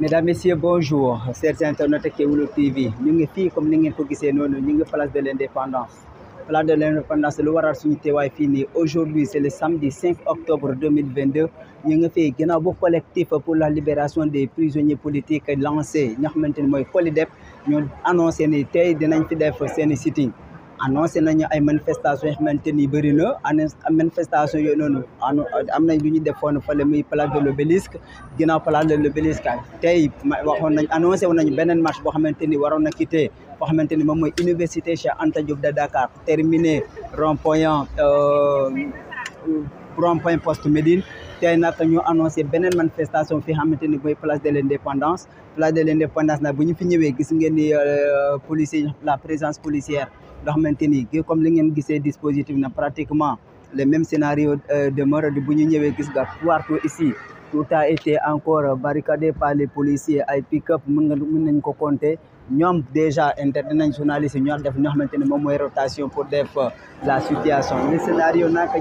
mesdames messieurs bonjour chers internautes Kéwoulo TV Nous sommes ici, comme nous ngeen ko nous, nous place de l'indépendance place de l'indépendance lu waral suñu fini. aujourd'hui c'est le samedi 5 octobre 2022 Nous avons fait un bu collectif pour la libération des prisonniers politiques lancé nous xamante ni mooy COLIDEP avons annoncé ni tey dinañ fi def sitting annoncé nañu ay manifestation yoo xamante ni bëri na manifestation yooyu noonu am nañ lu ñu defoon fële muy place de l'obélisque ginnaaw place de l'obélisque tay waxon nañ annoncé wu nañ beneen marche bo xamanteni ni waroon na quitter boo xamante ni moom université Cheikh Anta Diop de Dakar terminé rond-point euh rond-point poste Médine tey annoncé beneen manifestation fi la place de l'indépendance. place de l'indépendance, indépendance nag bu avec gis euh, la présence policière loo xamante ni comme li ngeen gisee dispositif na pratiquement le même scénario euh, de mort ñu ñëwee gis nga ici tout a été encore barricadé par les policiers les pick-up mën nga nous sommes déjà internationaliste un def nous xamante ne maintenant rotation pour faire euh, la situation le scénario est-ce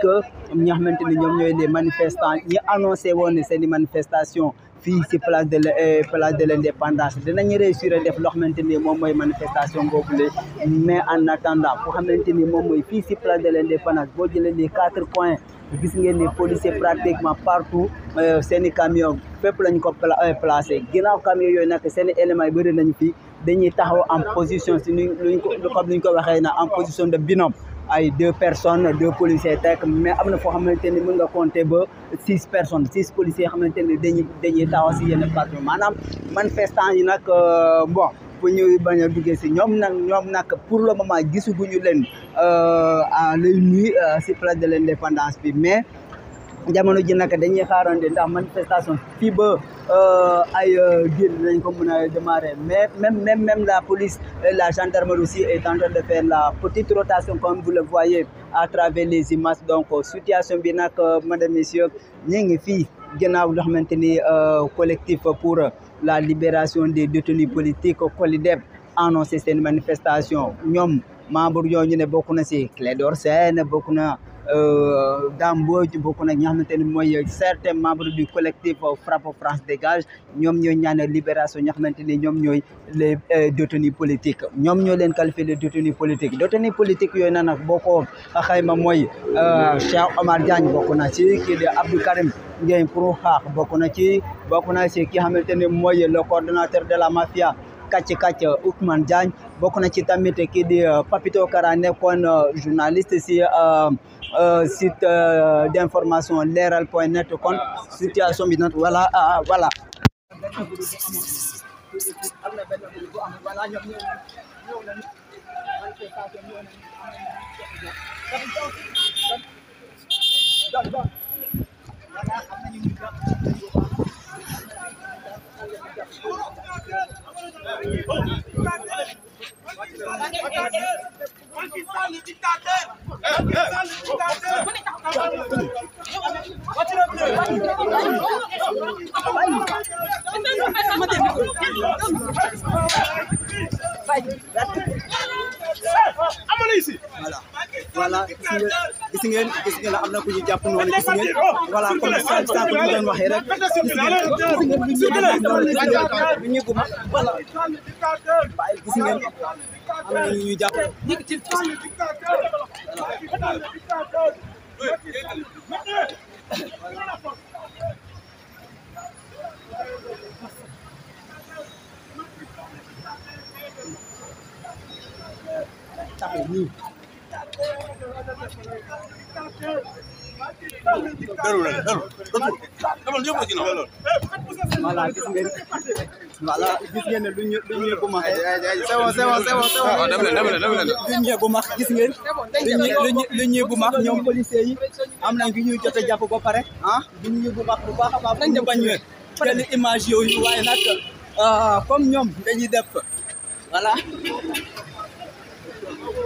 que nous avons maintenant des manifestants, les manifestants ñi annoncé woon manifestations manifestations. fii si place de eh, place de l'indépendance dinañ réussir a def loo xamante ni moom mooy manifestation boobu la mais en attendant foo xamante ni moom mooy fii si place de l'indépendance boo jëlee ni quatre coins gis ngeen ni policier pratiquement partout euh, seen i camion fépp lañ ko euh, placé ginnaaw camion yooyu nag seen i éléments yi bëri nañ fii dañuy taxaw en position si nuñ luñ ko comme ñu ko waxee na en position de binôme ay deux personnes deux policiers tek mais am na foo xamante ni mën nga compter ba six personnes six policiers xamante ni dañuy dañuy taxaw si yenn parti maanaam manifestants yi nag euh, bon bu ñuy bañ a duggee si ñoom nag ñoom nag pour le moment gisaguñu leen euh, à l'œil nu euh, si place de l'indépendance bi mais jamono ji nak dañuy xaarandi ndax manifestation fi ba euh, ay dañ euh, ko mën démarrer mais même même la police la gendarmerie aussi est en train de faire la petite rotation comme vous le voyez à travers les images donc situation bi nak euh, madame messieurs ñi ngi nous ginnaaw loo xamante collectif pour la libération des détenus politiques COLIDEP annoncé seen manifestation ñoom membre yooyu ñu ne bokk na si Clédor Sène bokk euh, Dame Mbodj bokk nag ñi nga xamante ne certains membres du collectif frappe France Dégage niom niom ñaanal libération ñi nga niom niom les euh, détenus politiques niom les leen qualifié les détenus politiques détenus politiques yooyu na nag boo ko xayma mooy euh, Cheikh Omar Diagne beaucoup na ci kii Abdou Karim Ndiaye pour xaax beaucoup na ci bokk na ci ki nga xamante ne le coordonnateur de la mafia kàcc kàcc Ousmane Diagne beaucoup na ci tamit kii Papito Kara nekkoon journaliste si euh, site euh, d'information leral.net point net situation bi voilà ah, ah, voilà. Pakistani dictator voilà আমরা নিয়ে যাব Thank you. dalul la dalul dalul ñëpp ci noonu. voilà gis ngeen voilà gis ngeen ne du ñu du ñu bu mag. c'est bon c'est bon c'est bon. waaw dem leen dem leen dem leen. du ñu bu mag gis ngeen. du ñu du ñu du ñu bu mag ñoom policiers yi am nañ bi ñuy jot a jàpp ba pare ah du ñu bu mag bu baax a baax nañ bañ leen. jël image yooyu waaye nag comme ñoom dañuy def voilà.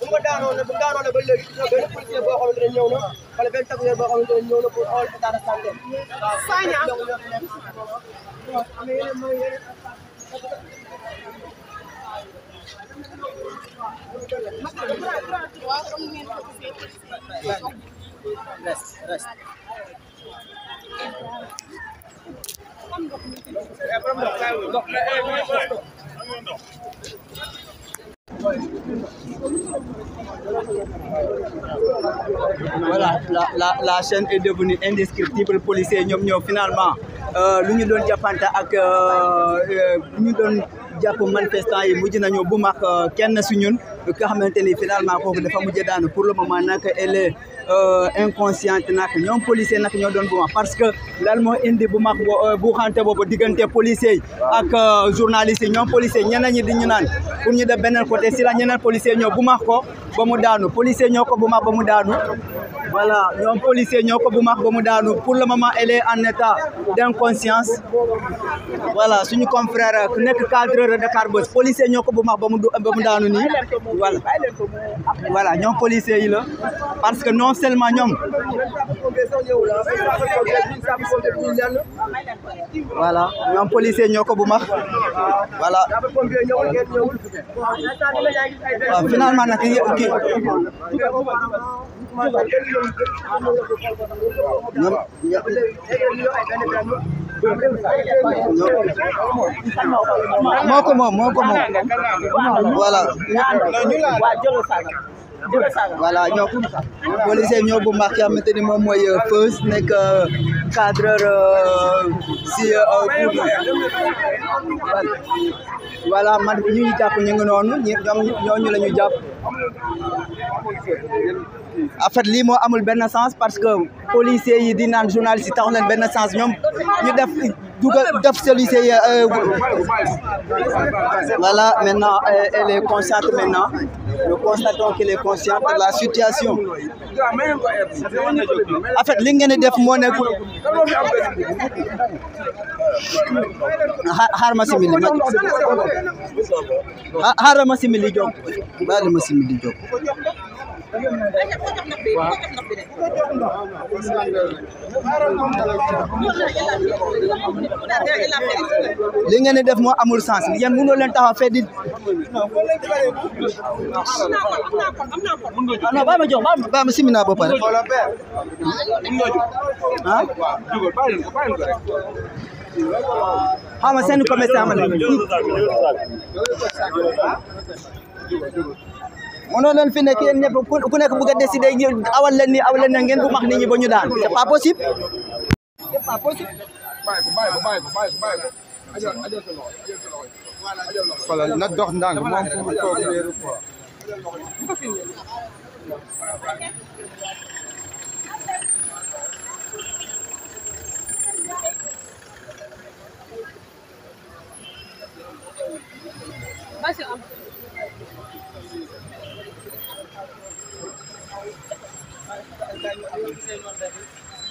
bu ma daanoon bu ma daanoon ba léegi gis nga benn policier boo xamante ne ñëw na wala benn taxawaay boo xamante ne ñëw na pour xool état de santé. waaw Saña. Rest, rest. Ndox ndox ndox voilà la la la chaîne est devenue indescriptible policier ñoom ñoo finalement euh, lu ñu doon jàppante ak euh, euh, lu ñu doon jàpp manifestant yi mujj nañu bu mag kenn su ñun. bi nga xamante finalement fofu dafa mujjé daanu pour le moment nak elle est euh, inconsciente nak ñom policier nak ñoo doon buma parce que lan mo indi bu mag euh, bu xanté bobu diggante policier ak euh, journaliste ñom ñoom policier ñeneen ñi di ñu naan pour ñu def benen côté si la ñeneen policier ñoo bu mag ko ba mu daanu policier ñoo ko bu mag ba mu daanu voilà ñoom policier ñoo ko bu mag ba mu daanu pour le moment elle est en état d'inconscience voilà suñu confrère nekk cadreur de Dakar Buzz policier ñoo ko bu mag ba mu daanu nii voilà voilà sommes policiers yi parce que non seulement nous... voilà nous sommes policiers nous, ko bu voilà finalement nag ki moo ko voilà voilà ñoo bu man ñu ñu ngi en fait lii moo amul benn sens parce que policiers yi di naan journalistes yi taxul leen benn sens ñoom ñu def dugal def policiers yi euh, voilà maintenant euh, elle est consciente maintenant nous constatons qu'elle est la situation en li ngeen di def moo nekkul xaaral ma simili waaw def moo amul sens yéen mënoo leen taxaw fee di. ah non ma jox bàyyi ma simina ba pare. ah. xaw ma seen commerçant mënoo leen fi nekk yéen ku nekk bëgg a décider awal leen nii awal leen ne ngeen bu max nit ñi ba ñu daan c'est pas possible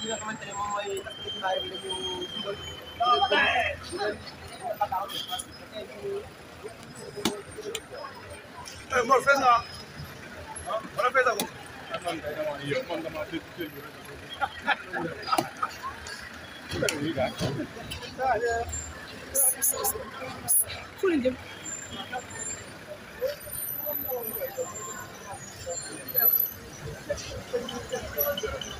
não na naman tayo mga may tayo Thank you.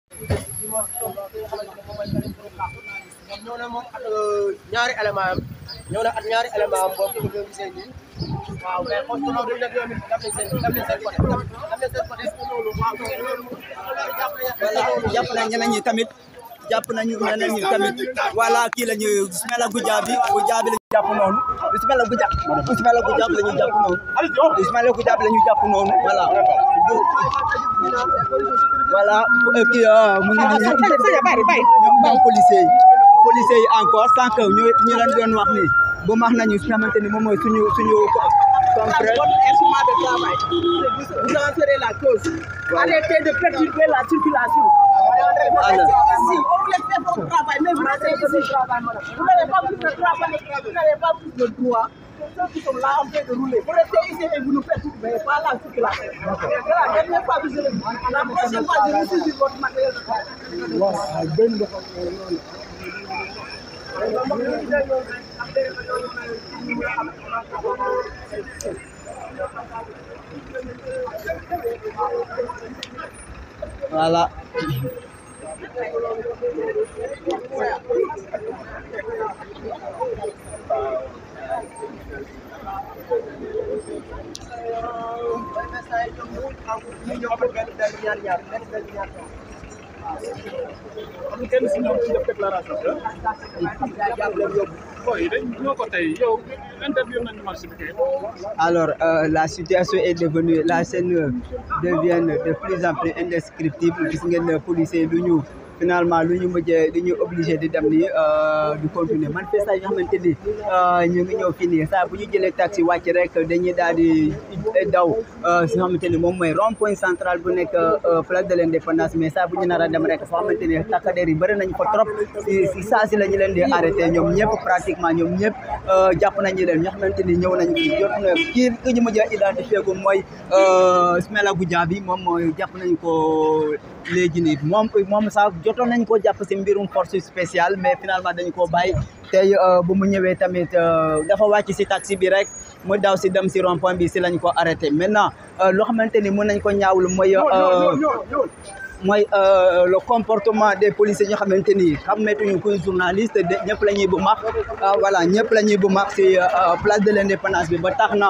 ñëw na moom ak ñaari élément am ñëw na ak ñaari élément am boobu nga gisee nii waaw mais kon loolu dañu nekk yoon it daf leen seen daf leen seen côté daf leen seen côté waaw loolu jàpp nañu tamit. jàpp nañu ne nañu tamit voilà kii la ñu Ismaila Goudiaby bi Goudiaby la ñu jàpp noonu Ismaila Goudiaby Ismaila Goudiaby la ñu jàpp noonu Ismaila Goudiaby la ñu jàpp noonu voilà voilà euh, kii euh, mu ngi ñoom policiers yi policiers yi encore sànq ñu ñu leen doon wax ni ba maax nañu fi nga xamante suñu suñu arrêtez de perturber la circulation Vous laissez ici, on voulait faire votre travail, mais vous restez ici. Vous n'avez pas plus de travail, vous n'avez pas plus de droit. Ceux qui sont là en train de rouler. Vous laissez ici et vous nous faites tout, mais pas là, tout là. La dernière fois, vous allez La prochaine fois, je vous allez sur votre matériel Voilà. Alors, euh, la situation est devenue, la scène devient de plus en plus indescriptible. Les policiers, nous. finalement lu ñu mujjee dañuy obligé di dem nii euh, du continuer manifestation yi nga xamante ni euh, ñu ngi ñëw fii nii saa bu ñu jëlee taxi wàcc rek dañuy daal di euh, daw si nga xamante ni moom mooy rond point bu nekk place de l'indépendance mais saa bu ñu nar a dem rek foo xamante ni takkadeer yi bëri nañ ko trop si saa si la ñu leen di arrêté ñoom ñëpp pratiquement ñoom ñëpp jàpp nañu leen ñoo xamante ni ñëw nañ jot na kii ki ñu mujjee identifié ko mooy Ismaila Goudiaby moom mooy jàpp nañ ko léegi nii moom moom sax jotoon nañ ko japp ci mbirum force spéciale mais finalement dañ koo bàyyi tey euh, bu mu ñëwé tamit euh, dafa wacc ci taxi bi rek mu daw ci dem ci rond point bi ci lañ ko arrêté maintenant euh, lo xamanteni ni mën nañ ko ñaawlu moy mooy le comportement des policiers ñu xamanteni ni xammeetuñu kuy journaliste ñëpp lañuy bu max voilà ñëpp lañuy bu max ci place de l'indépendance bi ba taxna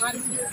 Thank you.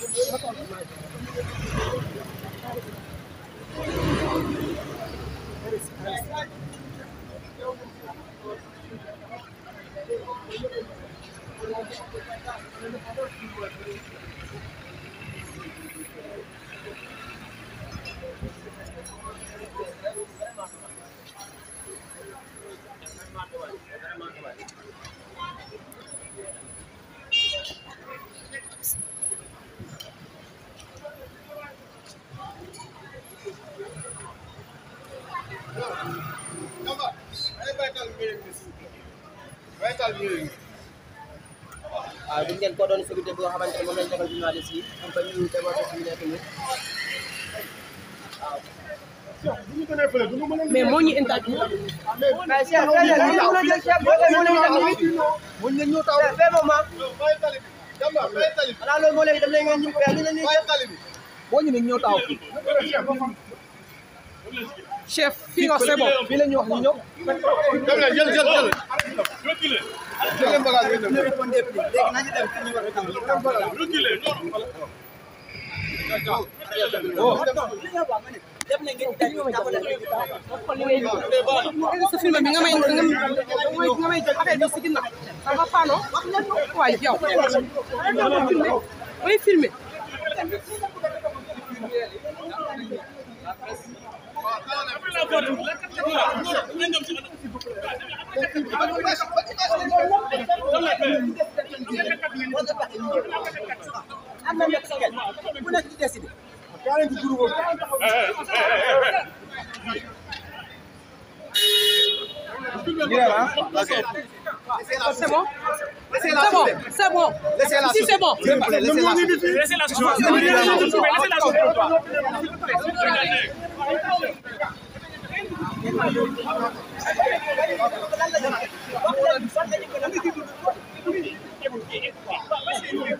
boo xamante ne moom lañ defal journaliste yi pour que ñu développé mais moo inta interview. mais Cheikh fële na ñu mën a Cheikh boo ko mënee tamit. buñ leen ñu taw fee moom ah. xanaa loolu moo léegi daf leen ngeen ñu mais ñu ne nii. boo taw. chef fii nga c'est bon fii la ñu wax ñu ñëw. dem leen jël jël jël. reculer. jël bagage bi dem. léegi nañu dem fi ñu war a reculer oh. sa film bi nga may nga may jël affaire bi si ginnaaw sama paano waay yow. may filmer. C'est bon, C'est bon C'est bon, c'est bon. c'est bon. Thank you.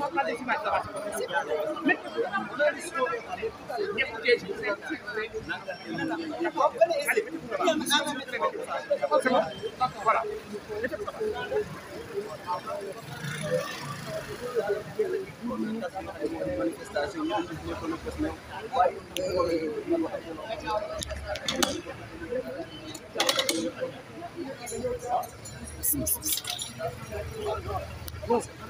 Bangladeshi ভাষা ভাষা manifestación Thank you.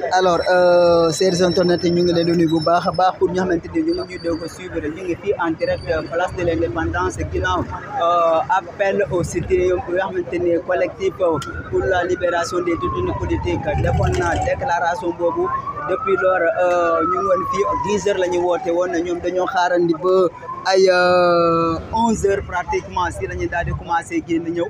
alors chers euh, internautes ñu ngi leen nuyu bu baax baax pour ñu xamanteni ni ñu ngi ñuy doog suivre ñu ngi fi en direct euh, place de l'Indépendance indépendance euh, appel au citoyen pour nga collectif euh, pour la libération des détenus politiques defoon na déclaration bobu depuis lors ñu ngi woon fii dix heures la ñu woote woon dañoo xaarandi ba ay onze heures pratiquement si la ñu daal di commencé génn ñëw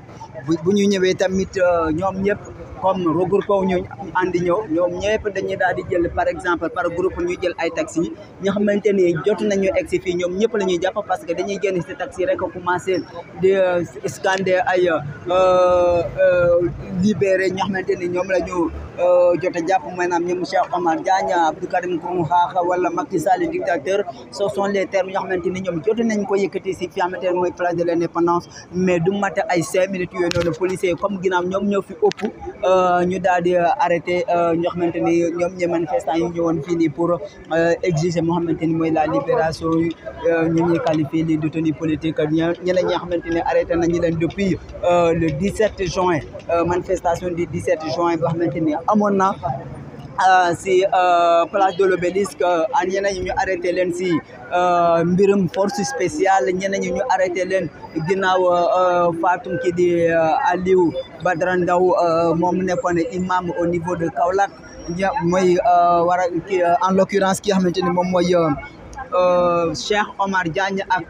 bu ñu ñëwee tamit ñom ñëpp comme regroupe wu ñu àndi ñëw ñoom ñëpp dañuy daal di jël par exemple par groupe ñu jël ay taxi ñi xamante ni jot nañu egsi fii ñoom ñëpp la ñuy jàpp parce que dañuy génn si taxi rek commencé di euh, scander ay euh, euh, libéré ñi xamante ni ñoom la ñu jot a jàpp maanaam ñoom Cheikh Omar Diagne Abdou Karim Xhaax wala Macky Sall dictateur ce sont les termes ñi xamante ni ñoom jot nañ ko yëkkati si fi xamante ne mooy place de l'indépendance mais du mat ay cinq yooyu noonu policiers comme ginnaaw ñoom ñoo fi ëpp Euh, ñu daal euh, arrêté euh, ñoo xamante ni ñoom ñooy manifestant yi pour exiger Mohamed xamante la libération ñu ñuy qualifié lii de politique ñeneen ñi nga arrêté nañu leen depuis le 17 juin manifestation du 17 juin boo xamante ni na Euh, si euh, place de l'obélisque euh, a ñeneen ñi ñu arrêté leen si mbirum force spéciale ñeneen ñi ñu arrêté leen ginnaaw faatum kii di Aliou Badara Ndaw moom nekkoon imam au niveau de Kaolack mooy war a en l'occurrence ki nga xamante ni moom mooy Cheikh Omar Diagne ak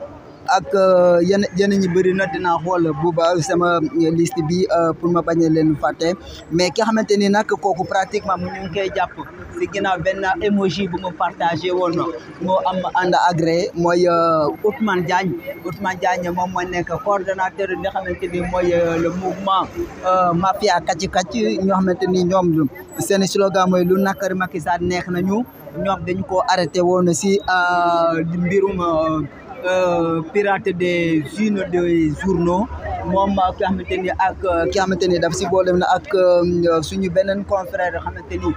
ak euh, yenn yenn ñi bëri na dinaa xool bu ba sama liste bi euh, pour ma bañ a leen fàtte mais ki xamante ni nag kooku pratiquement mu ñu ngi koy jàpp si ginnaaw benn bu mu partagé woon moo am ànd agréé mooy euh, Ousmane Diagne Ousmane Diagne moom mooy nekk coordonnateur bi nga xamante ni mooy le mouvement mafia kàcci kàcci ñoo xamante ni ñoom seen slogan mooy lu nakari Macky Sall neex ñu ñoom dañ ko arrêté woon si mbirum. Euh, pirate de unes de journaux moom ki xamante ak ki xamante ni euh, daf si boolem na ak euh, suñu beneen confrère xamante ni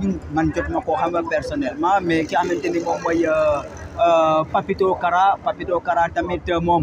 ñun man jot na koo xam personnellement mais ki xamante ni moom mooy Papito Kara Papito Kara tamit moom.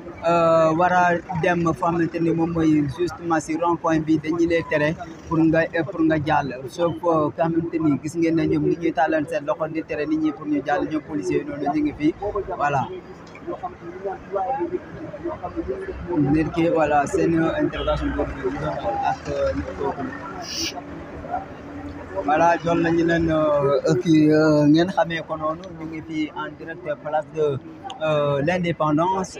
Euh, war a dem foo ni moom mooy justement si rond point bi dañu tere pour nga pour nga jàll sauf que xamante ni gis ngeen ne ñoom nit ñuy tàllal seen loxo di tere ni ñi pour ñu jàll ñoom policiers yi noonu ñu ngi fi voilà. nit ki voilà seen intervention boobu ak euh, nit kooku. voilà joon nañu leen euh, euh, kii euh, ngeen xamee ko noonu ñu ngi fii en direct place de l'indépendance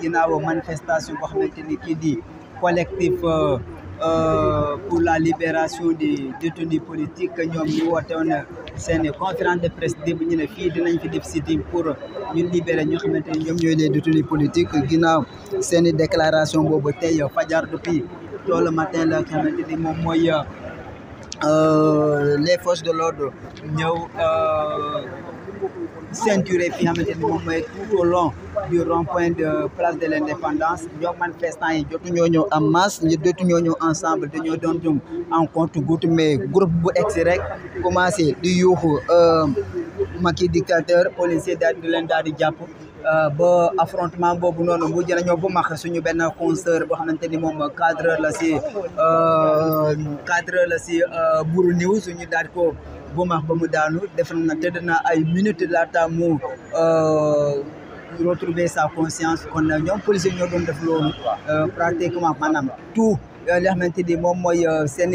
ginnaaw manifestation boo xamante ni kii di collectif pour la libération des détenus politiques ñoom ñu woote woon seen conférence de presse démb ñu ne fii dinañ fi def pour ñu libérer ñu xamante ni ñoom ñooy les détenus politiques ginnaaw seen déclaration boobu tey fajar depuis tôt le matin la xamante ni moom mooy euh, les forces de l'ordre ont euh, ceinturé fi tout au long du rond-point de place de l'indépendance nous manifestant yi jotu en masse nous ont été ensemble ils ont été en compte goutte mais groupe bu egsi rek commencé di euh, maquis dictateur policier de de leen Euh, ba affrontement boobu noonu mujj nañoo bu max suñu benn consoeur boo xamante ni moom cadre la si euh, cadre la si Mbour euh, News suñu daal ko bu max ba mu daanu def na tëdd na ay minutes laata mu retrouver sa conscience kon ñoom policier ñoo doon def loolu pratiquement maanaam tout li nga xamante ni moom mooy seen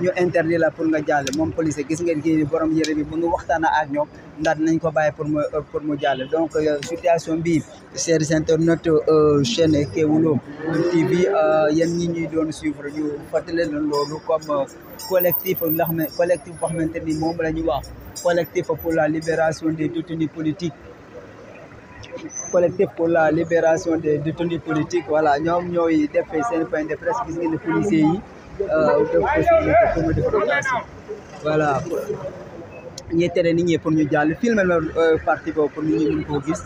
ñu interdit la pour nga jàll moom police gis ngeen kii borom yëre bi bu ñu waxtaan ak ñoom ndax nañ ko bàyyi pour mu pour mu jàll donc euh, situation bi chers internautes euh, chaîne Kéwoulo TV euh, yéen ñi ñuy doon suivre ñu fàttali leen loolu comme collectif nga xam ne collectif boo xamante ni moom la ñu wax collectif pour la libération des détenus politiques collectif pour la libération des détenus politiques voilà ñoom ñooy def seen point de presse gis ngeen policiers yi voilà ñi tere ni ñi pour ñu jàll filmé na euh, parti boobu pour nit ñi gis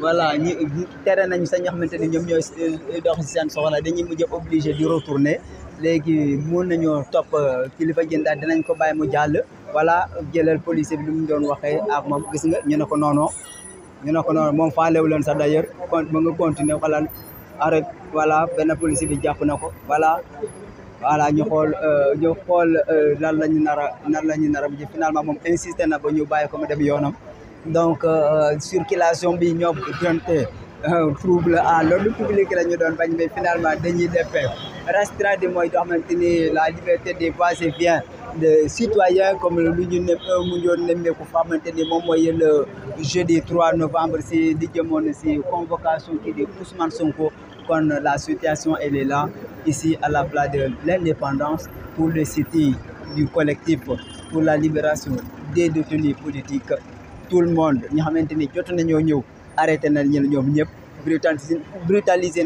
voilà ñi tere nañ sa ñoo xamante ni ñoom ñooy dox si seen soxla dañuy mujj obligé di retourner léegi mun nañoo topp euh, kilifa jëndaat dinañ ko bàyyi mu jàll wala jëlal policier bi lu mu doon waxee ak moom gis nga ñu ne ko noonoo ñu noonu moom faalewu leen sax d'ailleurs kon mu nga continuer xalaat arrêt voilà benn policier bi jàpp na ko voilà ñu euh ñu euh lan lañu nara nar lañu lan la finalement mom insisté na ba ñu baye ko mu dem yonam donc euh, circulation bi ñoom donte euh, trouble à l'ordre public la ñu doon bañ mais finalement dañuy défé restreint mooy moy do xamanteni la liberté des voies et bien de citoyens comme lu ñu nepp euh, mu doon nemmeeku fa xamante ni moom le jeudi 3 novembre ci di jëmoon ci convocation qui di Ousmane Sonko la situation elle est là, ici à la place de l'indépendance, pour le city du collectif pour la libération des détenus politiques. Tout le monde, nous avons nous brutalisé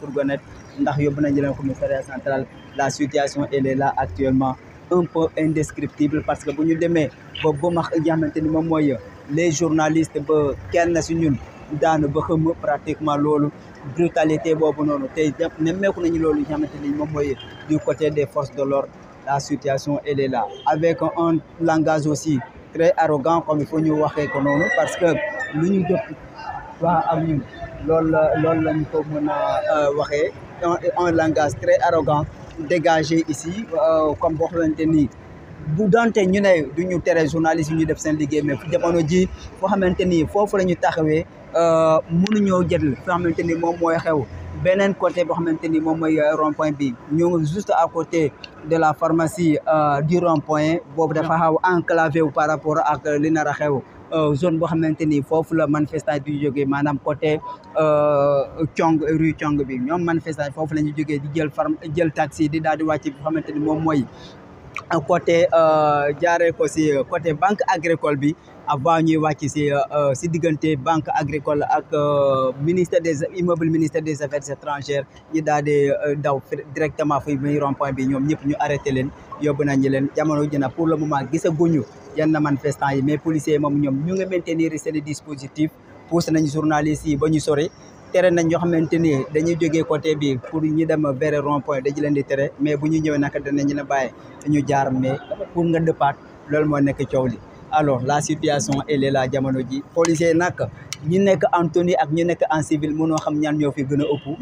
fourgonnette commissariat central la situation elle est là actuellement un peu indescriptible parce que nous les journalistes daanu ba xëm pratiquement loolu brutalité boobu noonu tey nemmeeku nañu loolu yi xamante ni moom mooy du côté des forces de l'ordre la situation elle est là avec un langage aussi très arrogant comme il faut ñu waxee ko noonu parce que lu ñu jot waa am ñu loolu la loolu lañ ko mën a euh, waxee un langage très arrogant dégagé ici euh, comme boo xamante ni bu donte ñu ne du ñu tere journaliste ñu def seen liggéey mais jamono ji foo xamante ni foofu la ñu taxawee euh, mënuñoo jël fi nga ni moom xew côté boo xamante ni moom euh, rond point bi juste à côté de la pharmacie euh, du rond point enclavé par rapport ak zone boo xamante ni la manifestant di jógee maanaam côté rue bi manifestant di taxi di di côté ko côté banque agricole avant ñuy wàcc si euh, euh, si diggante banque agricole ak euh, ministère des immeuble ministère des affaires étrangères ñi daal di daw directement fii muy rond point bi ñoom ñëpp ñu arrêté leen yóbbu ñi leen jamono ji nag pour le moment gisaguñu yenn manifestants yi mais policiers yi moom ñoom ñu ngi maintenir seen dispositif pousse nañ yi ba ñu sori tere nañ ñoo xamante ni dañuy jógee côté bi pour ñu dem vers rond point dañu leen di tere mais bu ñu ñëwee naka danañ la bàyyi ñu jaar mais pour nga dëppaat loolu moo nekk coow li alors la situation elle est là jamono ji policiers nag ñi en tenue ak en civil Nous xam fi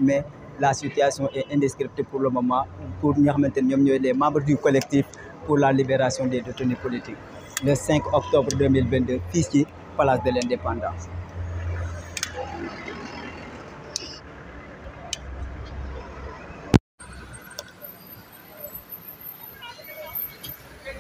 mais la situation est indescriptible pour le moment pour ñi nous sommes les membres du collectif pour la libération des détenus politiques le 5 octobre 2022 ici, Palace de l'Indépendance